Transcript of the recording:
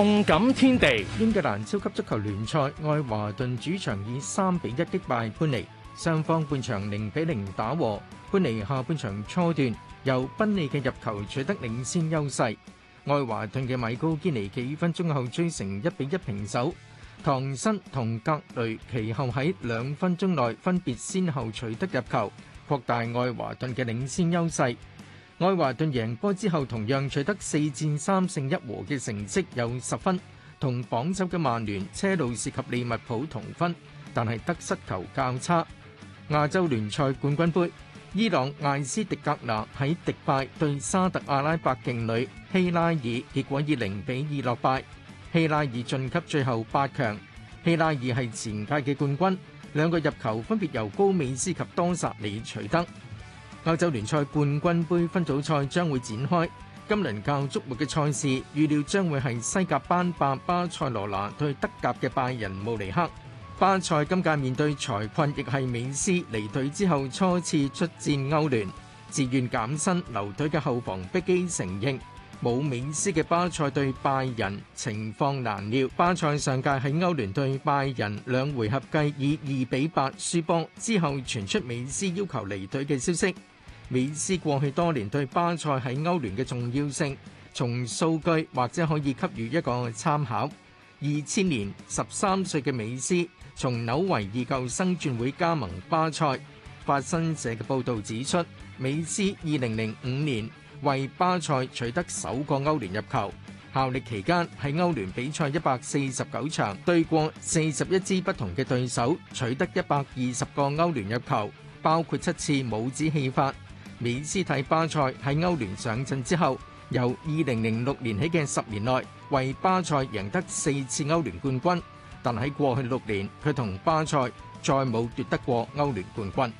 動感天地，英格蘭超級足球聯賽，愛華頓主場以三比一擊敗潘尼。雙方半場零比零打和，潘尼下半場初段由賓利嘅入球取得領先優勢，愛華頓嘅米高堅尼幾分鐘後追成一比一平手，唐森同格雷其後喺兩分鐘內分別先後取得入球，擴大愛華頓嘅領先優勢。.愛華頓贏波之後，同樣取得四戰三勝一和嘅成績，有十分，同榜首嘅曼聯、車路士及利物浦同分，但係得失球較差。亞洲聯賽冠軍杯，伊朗艾斯迪格拿喺迪拜對沙特阿拉伯勁旅希拉爾，結果以零比二落敗。希拉爾晉級最後八強。希拉爾係前屆嘅冠軍，兩個入球分別由高美斯及多薩尼取得。歐洲聯賽冠軍盃分組賽將會展開，今輪較矚目嘅賽事，預料將會係西甲班霸巴塞羅那對德甲嘅拜仁慕尼黑。巴塞今屆面對財困，亦係美斯離隊之後初次出戰歐聯，自願減薪留隊嘅後防碧基承認。冇美斯嘅巴塞對拜仁情況難料，巴塞上屆喺歐聯對拜仁兩回合計以二比八輸波，之後傳出美斯要求離隊嘅消息。美斯過去多年對巴塞喺歐聯嘅重要性，從數據或者可以給予一個參考。二千年十三歲嘅美斯從紐維爾舊生轉會加盟巴塞，法新社嘅報導指出，美斯二零零五年，為巴塞取得首個歐聯入球，效力期間喺歐聯比賽一百四十九場，對過四十一支不同嘅對手，取得一百二十個歐聯入球，包括七次帽子戲法。美斯替巴塞喺歐聯上陣之後，由二零零六年起嘅十年內，為巴塞贏得四次歐聯冠軍，但喺過去六年，佢同巴塞再冇奪得過歐聯冠軍。